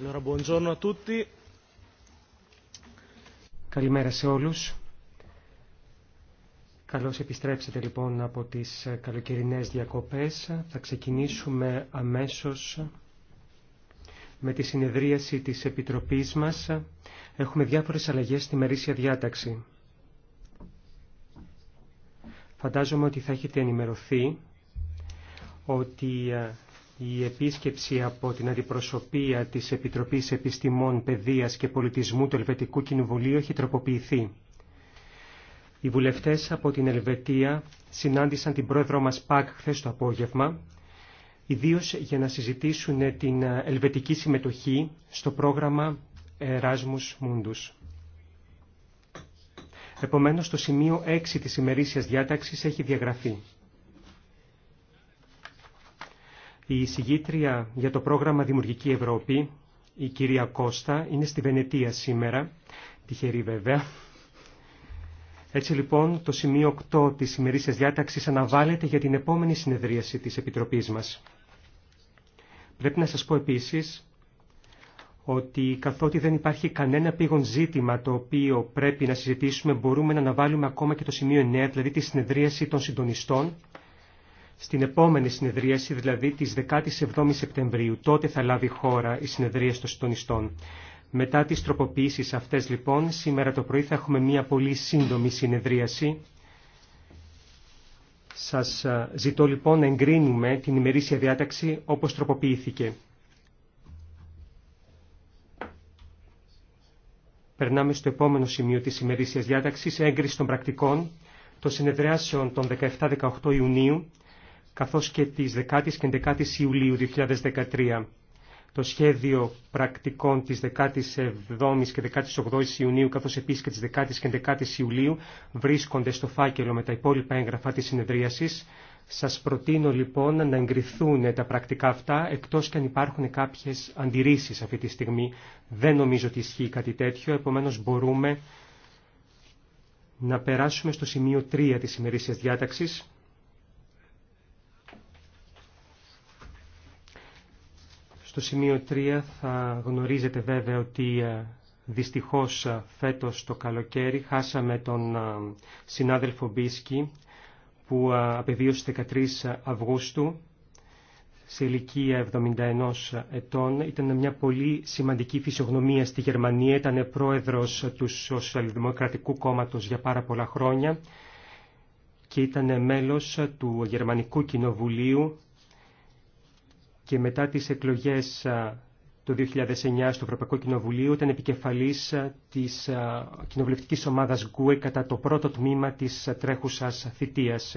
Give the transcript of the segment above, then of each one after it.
Allora, Καλημέρα σε όλους. Καλώς επιστρέψετε λοιπόν από τις καλοκαιρινές διακοπές. Θα ξεκινήσουμε αμέσως με τη συνεδρίαση της Επιτροπής μας. Έχουμε διάφορες αλλαγές στη μερίσια διάταξη. Φαντάζομαι ότι θα έχετε ενημερωθεί ότι ε, η επίσκεψη από την αντιπροσωπεία της Επιτροπής Επιστημών, Παιδείας και Πολιτισμού του Ελβετικού Κοινοβουλίου έχει τροποποιηθεί. Οι βουλευτές από την Ελβετία συνάντησαν την πρόεδρο μας ΠΑΚ χθε το απόγευμα, ιδίω για να συζητήσουν την ελβετική συμμετοχή στο πρόγραμμα Erasmus Mundus. Επομένως, το σημείο 6 της ημερήσιας διάταξης έχει διαγραφεί. Η εισηγήτρια για το πρόγραμμα Δημιουργική Ευρώπη, η κυρία Κώστα, είναι στη Βενετία σήμερα, τυχερή βέβαια. Έτσι λοιπόν το σημείο 8 της ημερήσιας διάταξης αναβάλλεται για την επόμενη συνεδρίαση της Επιτροπής μας. Πρέπει να σας πω επίσης ότι καθότι δεν υπάρχει κανένα πήγον ζήτημα το οποίο πρέπει να συζητήσουμε μπορούμε να αναβάλουμε ακόμα και το σημείο 9, δηλαδή τη συνεδρίαση των συντονιστών στην επόμενη συνεδρίαση, δηλαδή της 17 Σεπτεμβρίου. Τότε θα λάβει χώρα η συνεδρία των συντονιστών. Μετά τις τροποποιήσεις αυτές λοιπόν, σήμερα το πρωί θα έχουμε μια πολύ σύντομη συνεδρίαση. Σας ε, ζητώ λοιπόν να εγκρίνουμε την ημερήσια διάταξη όπως τροποποιήθηκε. Περνάμε στο επόμενο σημείο της ημερήσιας διάταξης, έγκριση των πρακτικών των συνεδριάσεων των 17-18 Ιουνίου καθώς και τις 10 και 11 Ιουλίου 2013. Το σχέδιο πρακτικών της 17ης και 18ης Ιουνίου καθώς επίσης και της 10 και 11 Ιουλίου βρίσκονται στο φάκελο με τα υπόλοιπα έγγραφα της συνεδρίασης. Σας προτείνω λοιπόν να εγκριθούν τα πρακτικά αυτά εκτός και αν υπάρχουν κάποιες αντιρρήσεις αυτή τη στιγμή. Δεν νομίζω ότι ισχύει κάτι τέτοιο, επομένως μπορούμε να περάσουμε στο σημείο 3 της ημερήσιας διάταξης Στο σημείο 3 θα γνωρίζετε βέβαια ότι ε, δυστυχώς ε, φέτος το καλοκαίρι χάσαμε τον ε, συνάδελφο Μπίσκι που απεβίωσε 13 Αυγούστου σε ηλικία 71 ετών. Ήταν μια πολύ σημαντική φυσιογνωμία στη Γερμανία. Ήταν πρόεδρος του Σοσιαλδημοκρατικού Κόμματος για πάρα πολλά χρόνια και ήταν μέλος του Γερμανικού Κοινοβουλίου και μετά τις εκλογές το 2009 στο Ευρωπαϊκό Κοινοβουλίο ήταν επικεφαλής της κοινοβουλευτικής ομάδας ΓΚΟΕ κατά το πρώτο τμήμα της τρέχουσας θητείας.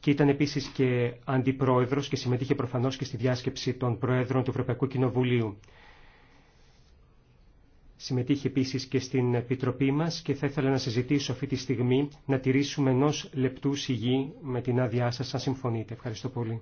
Και ήταν επίσης και αντιπρόεδρος και συμμετείχε προφανώς και στη διάσκεψη των Προέδρων του Ευρωπαϊκού Κοινοβουλίου. Συμμετείχε επίσης και στην Επιτροπή μας και θα ήθελα να συζητήσω αυτή τη στιγμή να τηρήσουμε ενό λεπτού σιγή με την άδειά σας, αν συμφωνείτε. Ευχαριστώ πολύ.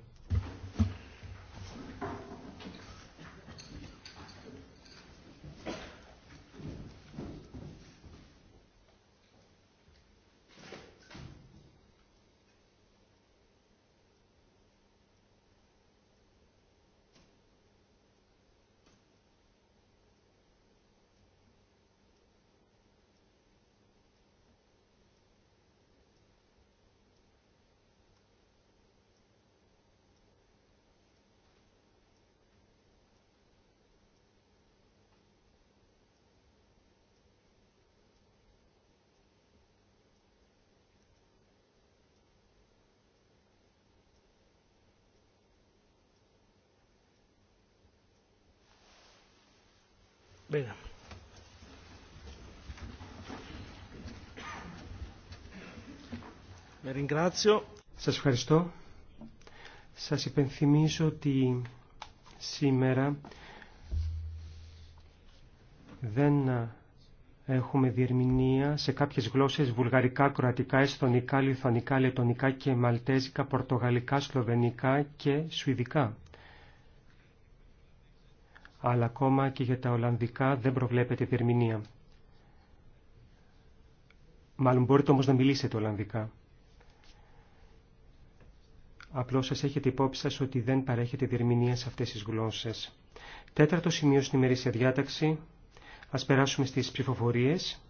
Σα Σας ευχαριστώ. Σας υπενθυμίζω ότι σήμερα δεν έχουμε διερμηνία σε κάποιες γλώσσες βουλγαρικά, κροατικά, εσθονικά, λιθονικά, λετονικά και μαλτέζικα, πορτογαλικά, σλοβενικά και σουηδικά αλλά ακόμα και για τα Ολλανδικά δεν προβλέπεται διερμηνία. Μάλλον μπορείτε όμως να μιλήσετε Ολλανδικά. Απλώς σας έχετε υπόψη σας ότι δεν παρέχετε διερμηνία σε αυτές τις γλώσσες. Τέταρτο σημείο στην ημερήσια διάταξη. Ας περάσουμε στις ψηφοφορίες.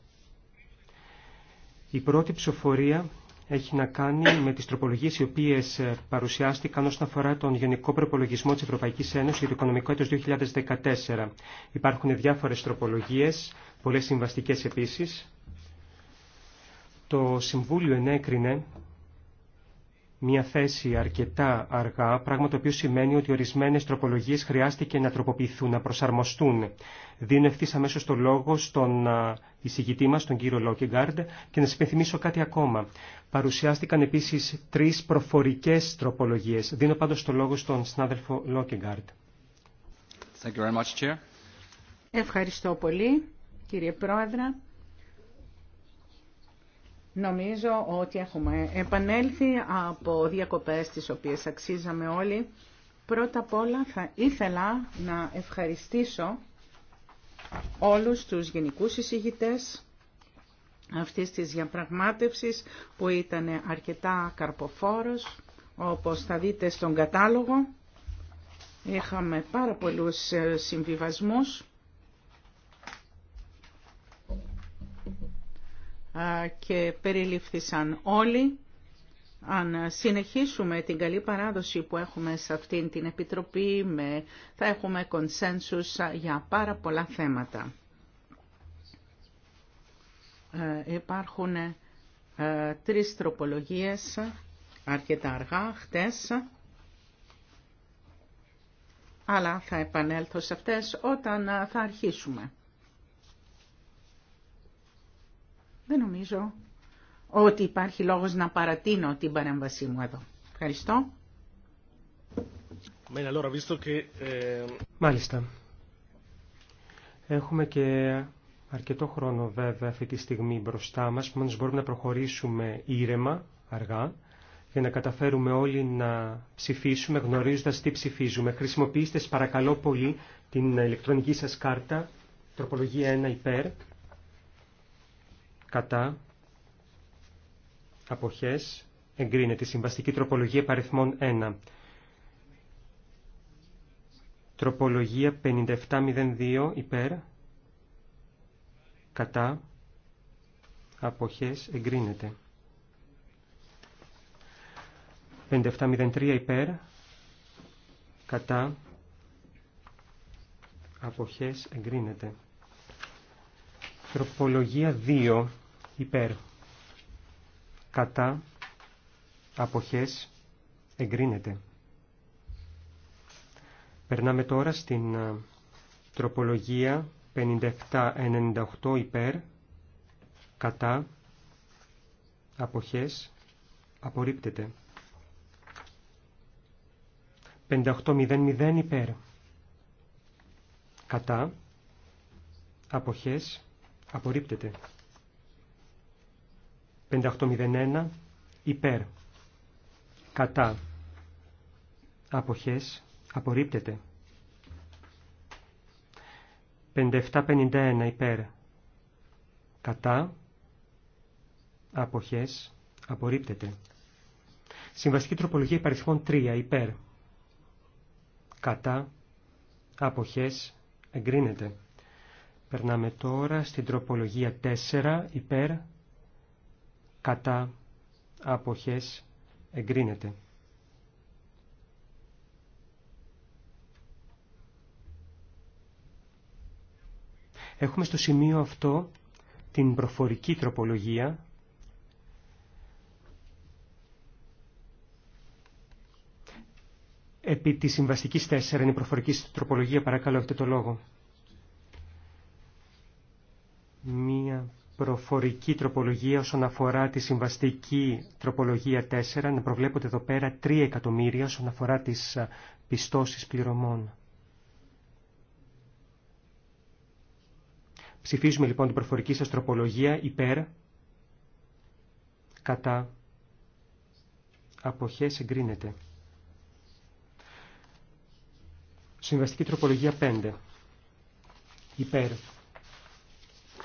Η πρώτη ψηφοφορία έχει να κάνει με τις τροπολογίες οι οποίες ε, παρουσιάστηκαν όσον αφορά τον Γενικό Προπολογισμό της Ευρωπαϊκής Ένωσης για το οικονομικό έτος 2014. Υπάρχουν διάφορες τροπολογίες, πολλές συμβαστικές επίσης. Το Συμβούλιο ενέκρινε μια θέση αρκετά αργά, πράγμα το οποίο σημαίνει ότι ορισμένε τροπολογίε χρειάστηκε να τροποποιηθούν, να προσαρμοστούν. Δίνω ευθύ αμέσω το λόγο στον εισηγητή μα, τον κύριο Λόκεγκαρντ, και να σα υπενθυμίσω κάτι ακόμα. Παρουσιάστηκαν επίση τρει προφορικέ τροπολογίε. Δίνω πάντω το λόγο στον συνάδελφο Λόκεγκαρντ. Ευχαριστώ πολύ, κύριε Πρόεδρε. Νομίζω ότι έχουμε επανέλθει από διακοπές τις οποίες αξίζαμε όλοι. Πρώτα απ' όλα θα ήθελα να ευχαριστήσω όλους τους γενικούς εισηγητές αυτής της διαπραγμάτευσης που ήταν αρκετά καρποφόρος, όπως θα δείτε στον κατάλογο. Είχαμε πάρα πολλούς συμβιβασμούς και περιλήφθησαν όλοι. Αν συνεχίσουμε την καλή παράδοση που έχουμε σε αυτήν την Επιτροπή, με, θα έχουμε κονσένσους για πάρα πολλά θέματα. Ε, υπάρχουν ε, τρεις τροπολογίες αρκετά αργά, χτες, αλλά θα επανέλθω σε αυτές όταν ε, θα αρχίσουμε. Δεν νομίζω ότι υπάρχει λόγος να παρατείνω την παρέμβασή μου εδώ. Ευχαριστώ. Ε, Μάλιστα. Έχουμε και αρκετό χρόνο βέβαια αυτή τη στιγμή μπροστά μας, που μόνος μπορούμε να προχωρήσουμε ήρεμα, αργά, για να καταφέρουμε όλοι να ψηφίσουμε γνωρίζοντας τι ψηφίζουμε. Χρησιμοποιήστε παρακαλώ πολύ την ηλεκτρονική σας κάρτα, τροπολογία 1 υπέρ, κατά, αποχές, εγκρίνεται. Συμβαστική τροπολογία παριθμών 1. Τροπολογία 5702 υπέρ, κατά, αποχές, εγκρίνεται. 5703 υπέρ, κατά, αποχές, εγκρίνεται. Τροπολογία 2 υπέρ κατά αποχές εγκρίνεται. Περνάμε τώρα στην ε, τροπολογία 57-98 υπέρ κατά αποχές απορριπτεται 5800 υπέρ κατά αποχές απορρίπτεται. 5801 υπέρ κατά αποχές απορρίπτεται 5751 υπέρ κατά αποχές απορρίπτεται Συμβαστική τροπολογία υπαριθμών 3 υπέρ κατά αποχές εγκρίνεται Περνάμε τώρα στην τροπολογία 4 υπέρ κατά αποχές εγκρίνεται. Έχουμε στο σημείο αυτό την προφορική τροπολογία Επί της συμβαστικής 4 είναι η προφορική τροπολογία, παρακαλώ έχετε το λόγο προφορική τροπολογία όσον αφορά τη συμβαστική τροπολογία 4, να προβλέπονται εδώ πέρα 3 εκατομμύρια όσον αφορά τις πιστώσεις πληρωμών. Ψηφίζουμε λοιπόν την προφορική σας τροπολογία υπέρ, κατά, αποχές εγκρίνεται. Συμβαστική τροπολογία 5. Υπέρ.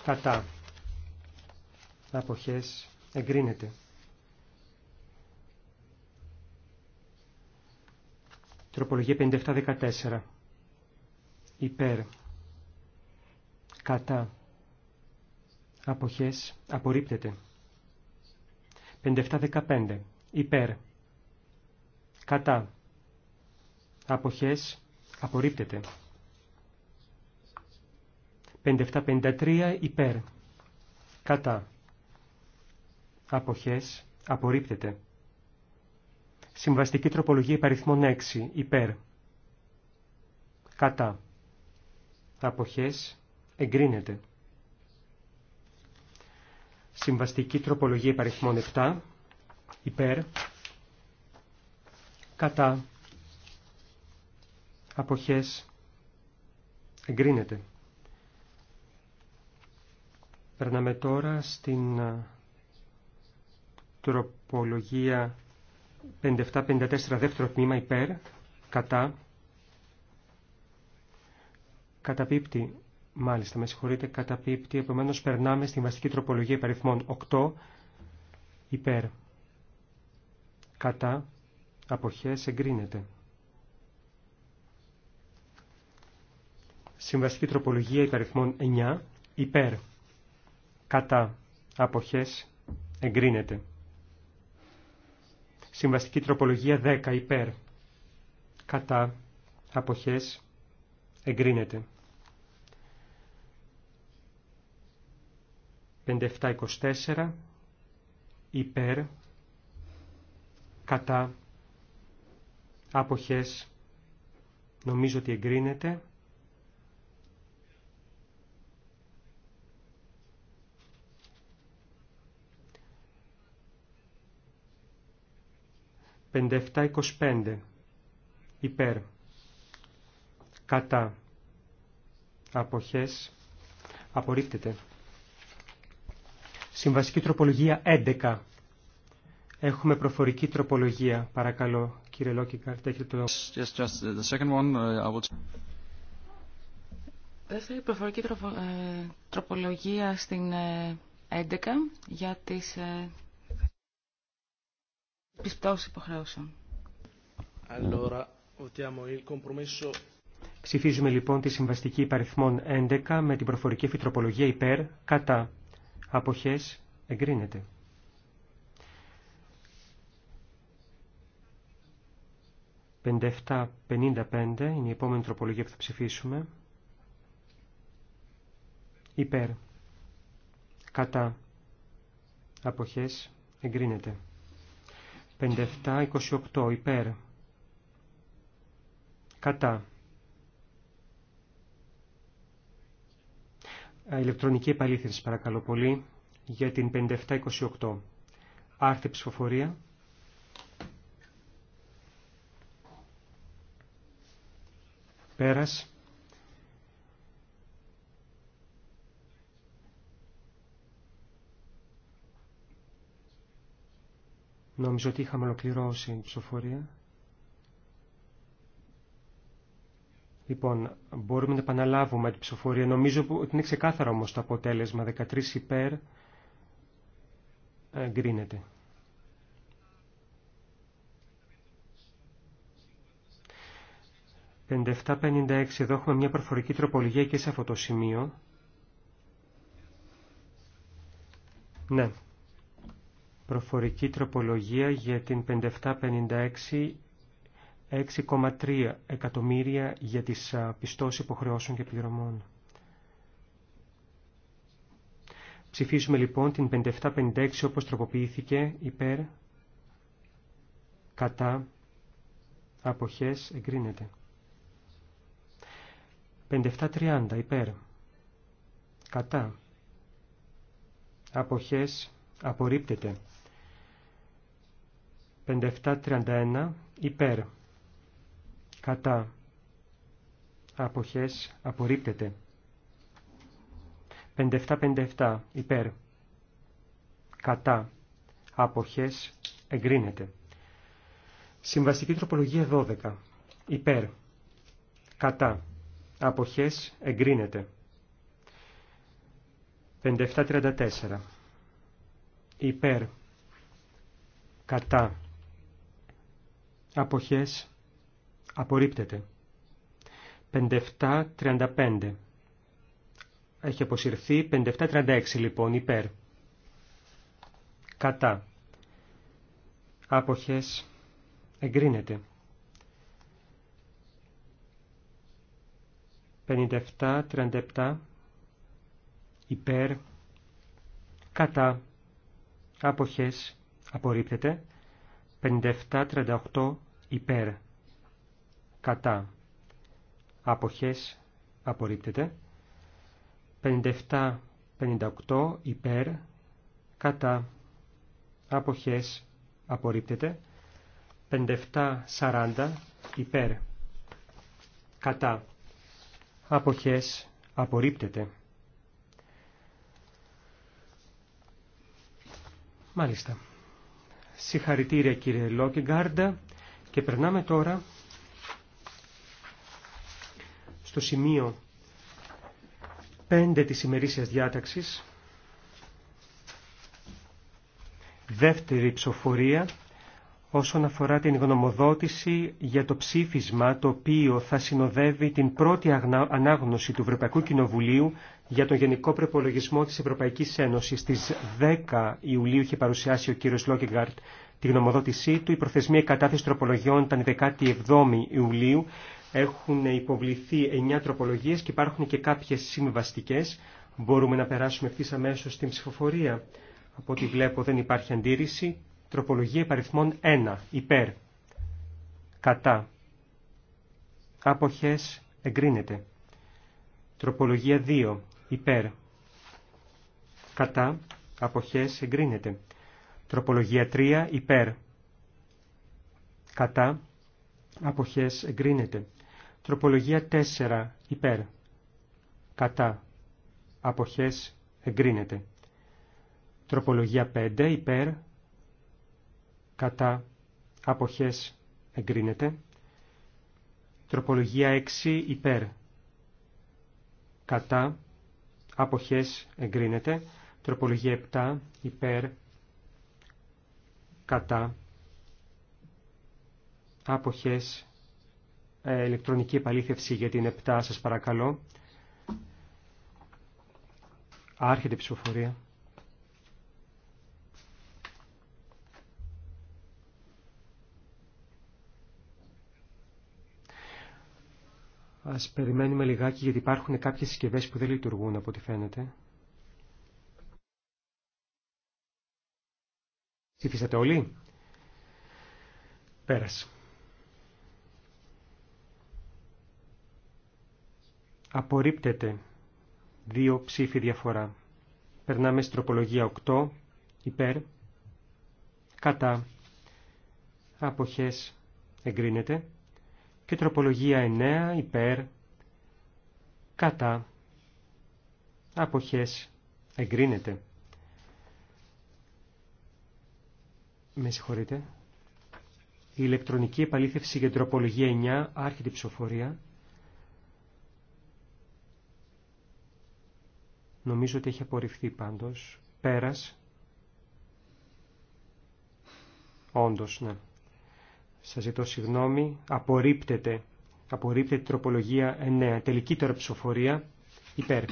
Κατά αποχές εγκρίνεται. Τροπολογία 5714. Υπέρ. Κατά. Αποχές απορρίπτεται. 5715. Υπέρ. Κατά. Αποχές απορρίπτεται. 5753. Υπέρ. Κατά αποχές, απορρίπτεται. Συμβαστική τροπολογία υπαριθμών 6, υπέρ, κατά, αποχές, εγκρίνεται. Συμβαστική τροπολογία υπαριθμών 7, υπέρ, κατά, αποχές, εγκρίνεται. Περνάμε τώρα στην Τροπολογία 5754 δεύτερο τμήμα υπέρ, κατά, καταπίπτει, μάλιστα με συγχωρείτε, καταπίπτει, επομένως περνάμε στη βασική τροπολογία υπαριθμών 8 υπέρ, κατά, αποχές εγκρίνεται. Συμβαστική τροπολογία υπαριθμών 9 υπέρ, κατά, αποχές εγκρίνεται. Συμβαστική τροπολογία 10 υπέρ. Κατά. Αποχές. Εγκρίνεται. 5724 υπέρ. Κατά. Αποχές. Νομίζω ότι εγκρίνεται. 57-25. υπέρ κατά αποχές απορρίπτεται. Συμβασική τροπολογία 11. Έχουμε προφορική τροπολογία. Παρακαλώ, κύριε Λόκικα έχετε το... Yes, just the second one, uh, I would... Δεύτερη προφορική ε, τροπολογία στην 11 ε, για τις ε, votiamo il compromesso. Ψηφίζουμε λοιπόν τη συμβαστική υπαριθμών 11 με την προφορική φυτροπολογία υπέρ κατά αποχές εγκρίνεται. 57-55 είναι η επόμενη τροπολογία που θα ψηφίσουμε. Υπέρ. Κατά. Αποχές. Εγκρίνεται. 57-28 υπέρ. Κατά. Ηλεκτρονική επαλήθευση παρακαλώ πολύ για την 57-28. Άρθρη ψηφοφορία. Πέρας. Νομίζω ότι είχαμε ολοκληρώσει την ψηφοφορία. Λοιπόν, μπορούμε να επαναλάβουμε την ψηφοφορία. Νομίζω ότι είναι ξεκάθαρο όμως το αποτέλεσμα. 13 υπέρ εγκρίνεται. 57-56, εδώ έχουμε μια προφορική τροπολογία και σε αυτό το σημείο. Ναι προφορική τροπολογία για την 5756 6,3 εκατομμύρια για τις πιστώσεις υποχρεώσεων και πληρωμών. Ψηφίσουμε λοιπόν την 5756 όπως τροποποιήθηκε υπέρ, κατά, αποχές, εγκρίνεται. 5730 υπέρ, κατά, αποχές, απορρίπτεται. 5731 υπέρ κατά αποχές απορρίπτεται 5757 υπέρ κατά αποχές εγκρίνεται Συμβαστική τροπολογία 12 υπέρ κατά αποχές εγκρίνεται 5734 υπέρ κατά αποχές απορρίπτεται. 57-35 έχει αποσυρθεί. 57 λοιπόν υπέρ. Κατά. Άποχες εγκρίνεται. 57-37 υπέρ. Κατά. Άποχες απορρίπτεται. 57-38 υπέρ. Κατά. Αποχές απορρίπτεται. 57-58 υπέρ. Κατά. Αποχές απορρίπτεται. 57-40 υπέρ. Κατά. Αποχές απορρίπτεται. Μάλιστα. Συγχαρητήρια κύριε Λόκεγκάρντα και περνάμε τώρα στο σημείο 5 της ημερήσιας διάταξης. Δεύτερη ψηφοφορία όσον αφορά την γνωμοδότηση για το ψήφισμα το οποίο θα συνοδεύει την πρώτη ανάγνωση του Ευρωπαϊκού Κοινοβουλίου για τον Γενικό Προπολογισμό της Ευρωπαϊκής Ένωσης. Στις 10 Ιουλίου είχε παρουσιάσει ο κύριος Λόγκεγκαρτ τη γνωμοδότησή του. Η προθεσμία κατάθεση τροπολογιών ήταν 17 Ιουλίου. Έχουν υποβληθεί 9 τροπολογίες και υπάρχουν και κάποιες συμβαστικές. Μπορούμε να περάσουμε ευθύ αμέσω στην ψηφοφορία. Από ό,τι βλέπω δεν υπάρχει αντίρρηση. Τροπολογία υπαριθμών 1. Υπέρ. Κατά. Αποχές. Εγκρίνεται. Τροπολογία 2. Υπέρ. Κατά. Αποχές. Εγκρίνεται. Τροπολογία 3. Υπέρ. Κατά. Αποχές. Εγκρίνεται. Τροπολογία 4. Υπέρ. Κατά. Αποχές. Εγκρίνεται. Τροπολογία 5. Υπέρ κατά αποχές εγκρίνεται. Τροπολογία 6 υπέρ κατά αποχές εγκρίνεται. Τροπολογία 7 υπέρ κατά άποχες ε, ηλεκτρονική επαλήθευση για την 7 σας παρακαλώ. Άρχεται η ψηφοφορία. Ας περιμένουμε λιγάκι γιατί υπάρχουν κάποιες συσκευές που δεν λειτουργούν από ό,τι φαίνεται. Ψηφίσατε όλοι. Πέρασε. Απορρίπτεται δύο ψήφοι διαφορά. Περνάμε στην τροπολογία 8, υπέρ, κατά, αποχές, εγκρίνεται και τροπολογία 9 υπέρ κατά αποχές εγκρίνεται. Με συγχωρείτε. Η ηλεκτρονική επαλήθευση για τροπολογία 9 άρχεται ψηφοφορία. Νομίζω ότι έχει απορριφθεί πάντως. Πέρας. Όντως, ναι. Σας ζητώ συγγνώμη. Απορρίπτεται. Απορρίπτεται τροπολογία 9. Τελική τώρα ψηφοφορία. Υπέρ.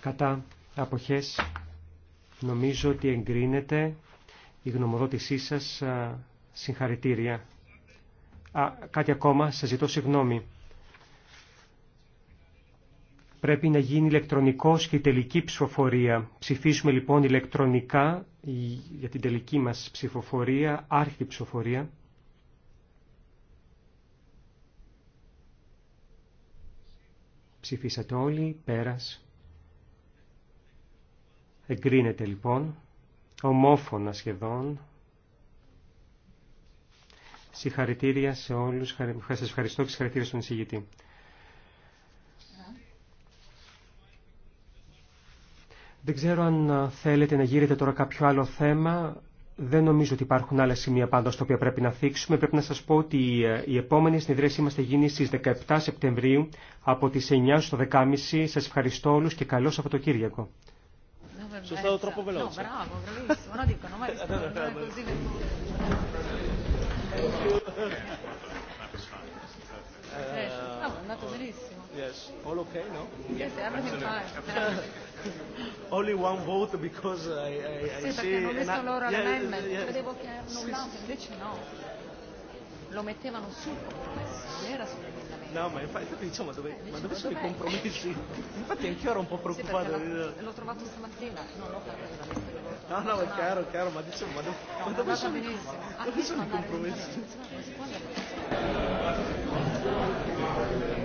Κατά αποχές νομίζω ότι εγκρίνεται η γνωμοδότησή σας συγχαρητήρια. Α, κάτι ακόμα, σας ζητώ συγγνώμη. Πρέπει να γίνει ηλεκτρονικός και η τελική ψηφοφορία. Ψηφίσουμε λοιπόν ηλεκτρονικά για την τελική μας ψηφοφορία, άρχιτη ψηφοφορία. Ψηφίσατε όλοι, πέρας. Εγκρίνεται λοιπόν, ομόφωνα σχεδόν. Συγχαρητήρια σε όλους, σας ευχαριστώ και συγχαρητήρια στον εισηγητή. Δεν ξέρω αν ε, θέλετε να γύρετε τώρα κάποιο άλλο θέμα. Δεν νομίζω ότι υπάρχουν άλλα σημεία πάντα τα οποία πρέπει να θίξουμε. Πρέπει να σας πω ότι ε, η επόμενη συνεδρίαση μας θα γίνει στις 17 Σεπτεμβρίου από τις 9 στο 10.30. Σας ευχαριστώ όλους και καλό Σαββατοκύριακο. Ναι, ναι, ναι, το Yes, all okay, no? Yes, everything fine. Only one vote because I, I, I sì, perché non visto loro l'amendment, credevo che Sì, invece no. Lo mettevano su, era sull'emendamento. No, ma infatti diciamo, dove, ma dove sono i compromessi? Infatti anch'io ero un po' preoccupato. Sì, l'ho trovato stamattina, non l'ho fatto veramente. No, no, è chiaro, è chiaro, ma diciamo, ma dove, no, ma dove sono, Dove sono i compromessi?